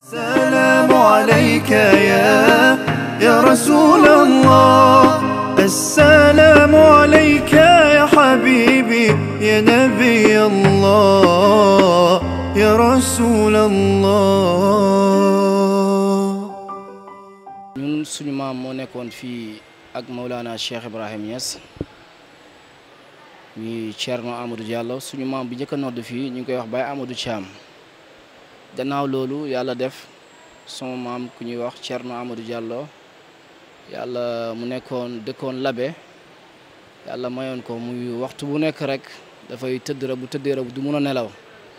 السلام عليك يا يا رسول الله السلام عليك يا حبيبي يا نبي الله يا رسول الله نون سوني كون في اك مولانا الشيخ ابراهيم ياس ني تشيرنو امادو ديالو سوني مام بي نيكا نود في نيغي واخ باي امادو تشام gannaaw loolu yàlla def sama maam ku ñuy wax Thierno Amadou Diallo yàlla mu nekkoon dëkkoon labe yàlla mayoon ko muy waxtu bu nekk rek dafay tëdd rek bu tëddee rek du mun a nelaw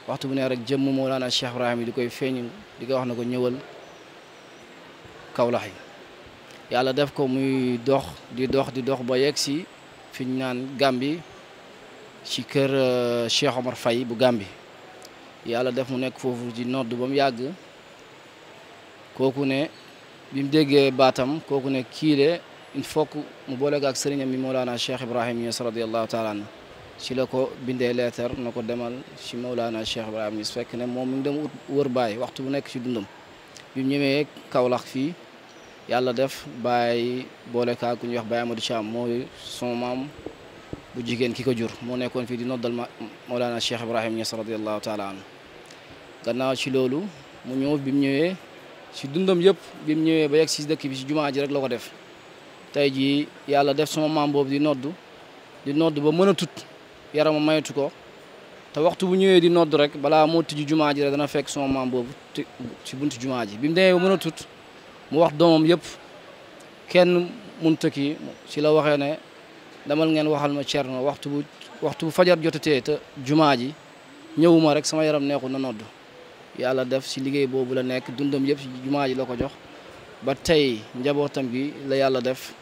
waxtu bu nekk rek jëmm Mawlana Cheikh Ibrahim yi di koy feeñ di ko wax na ko ñëwal Kawlax yi yàlla def ko muy dox di dox di dox ba yegg si fi ñu naan Gàmbi ci kër euh, Cheikh Omar fay bu Gàmbi yàlla def mu nekk foofu ci nodd ba mu yàgg ne bi mu déggee baatam ne kiile il faut que mu boole ko ak sëriñam mi Mawlana Cheikh Ibrahim Niass radiyallahu taala ci la ko bindee leetar na ko demal ci Mawlana Cheikh Ibrahim Niass fekk ne moom mi ngi dem ut wër baay waxtu bu nekk ci dundam bi mu ñëwee Kaolack fii def bay boole ko ak ku ñuy wax Baye Amadou Thiam mooy son maam bu jigéen ki ko jur moo nekkoon fii di noddal Mawlana Cheikh Ibrahim Niass radiallahu taala anhu gannaaw ci loolu mu ñëw bi mu ñëwee si dundam yëpp bi ñëwee ba yegg ci dëkk bi ci jumaa ji rek la ko def tey jii yàlla def sama maam boobu di noddu di nodd ba mën a tut yarama maytu ko te waxtu bu ñëwee di noddu rek balaa moo tijji jumaa ji rek dana fekk sama maam boobu ci buntu jumaa ji bi mu ba mën a tut mu wax doomam yëpp kenn mënut a kii la waxee ne damal ngeen waxal ma noo waxtu bu waxtu bu fajar jotatee te jumaa ji ñëwuma rek sama yaram neexu na nodd yàlla def si liggéey boobu la nekk dundam yëpp si jumaa ji la ko jox ba tey njabootam bi la yàlla def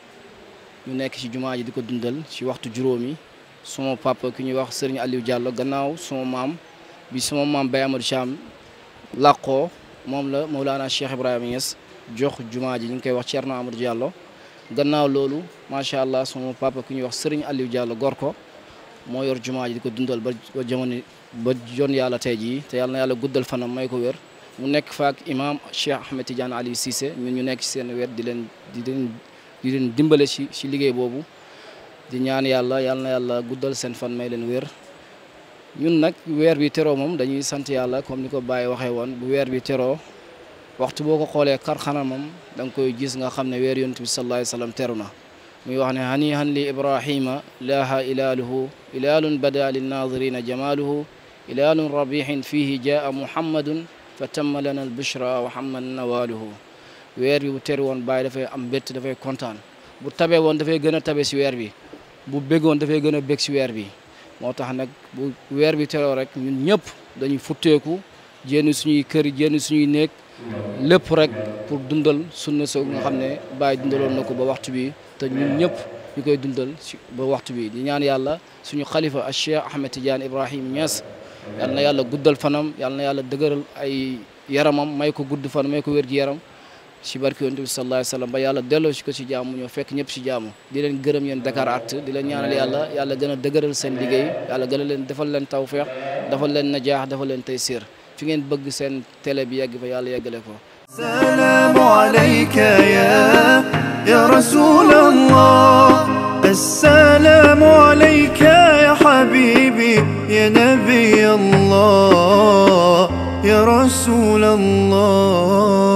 ñu nekk ci jumaa ji di ko dundal si waxtu juróomi suma papa ki ñuy wax sëriñu Aliou Diallo gannaaw suma maam bi suma maam Baye Amadou Cham làqoo moom la moo laa naa Mawlana Cheikh Ibrahima Niass jox jumaa ji ñu ngi koy wax Thierno amatu Diallo gannaaw loolu macha allah sama papa ku ñuy wax Serigne Aliou Diallo gorko ko moo yor jumaa ji di ko dundal ba jamono ba jon yàlla tey jii te yàlla yàlla guddal fanam may ko wér mu nekk fa ak imam Cheikh Ahmed Tidiane Aliou Cissé ñu nekk ci seen wet di leen di leen di leen dimbale si ci liggéey boobu di ñaan yàlla yàlla na yàlla guddal seen fan may leen wér ñun nag weer bi teroo moom dañuy sant yàlla comme ni ko Baye waxee woon bu weer bi teroo waxtu boo ko xoolee kar xanamam da nga koy gis nga xam ne weer sallallahu alayhi wa sallam muy wax hani han li ibrahima laaha ilaaluhu ilaalun bada linnaazirina jamaaluhu ilaalun rabihin fihi jaa muhammadun fa tamma lana albushra wa hamman nawaaluhu weer bi bu teru woon bàyyi dafay am mbétt dafay kontaan bu tabee woon dafay gën a tabe si weer bi bu béggoon dafay gën a bég si weer bi moo tax bu weer bi teroo rek ñun ñëpp dañuy futteeku jénn suñuy kër jénn suñuy néeg lépp rek pour dundal sunna so nga xamne ne Baye dundaloon ba waxtu bi te ñun ñep ñu dundal ba waxtu bi di ñaan yàlla suñu khalifa al sheikh Ahmed Tidiane Ibrahim Niass yalla yàlla guddal fanam yalla yàlla degeural ay yaramam may ko gudd fan may ko wér yaram ci barki yonent sallallahu alayhi wasallam ba yàlla delo ci ko ci jaamu ñoo fekk ñep ci jaamu di leen gëreem yéen Dakaractu di leen ñaanal yàlla yàlla gëna degeural seen liggey yàlla gëna leen defal leen tawfiq defal leen najah defal leen taysir فين بق سن seen télé bi yegg fa yàlla السلام عليك يا يا رسول الله السلام عليك يا حبيبي يا نبي الله يا رسول الله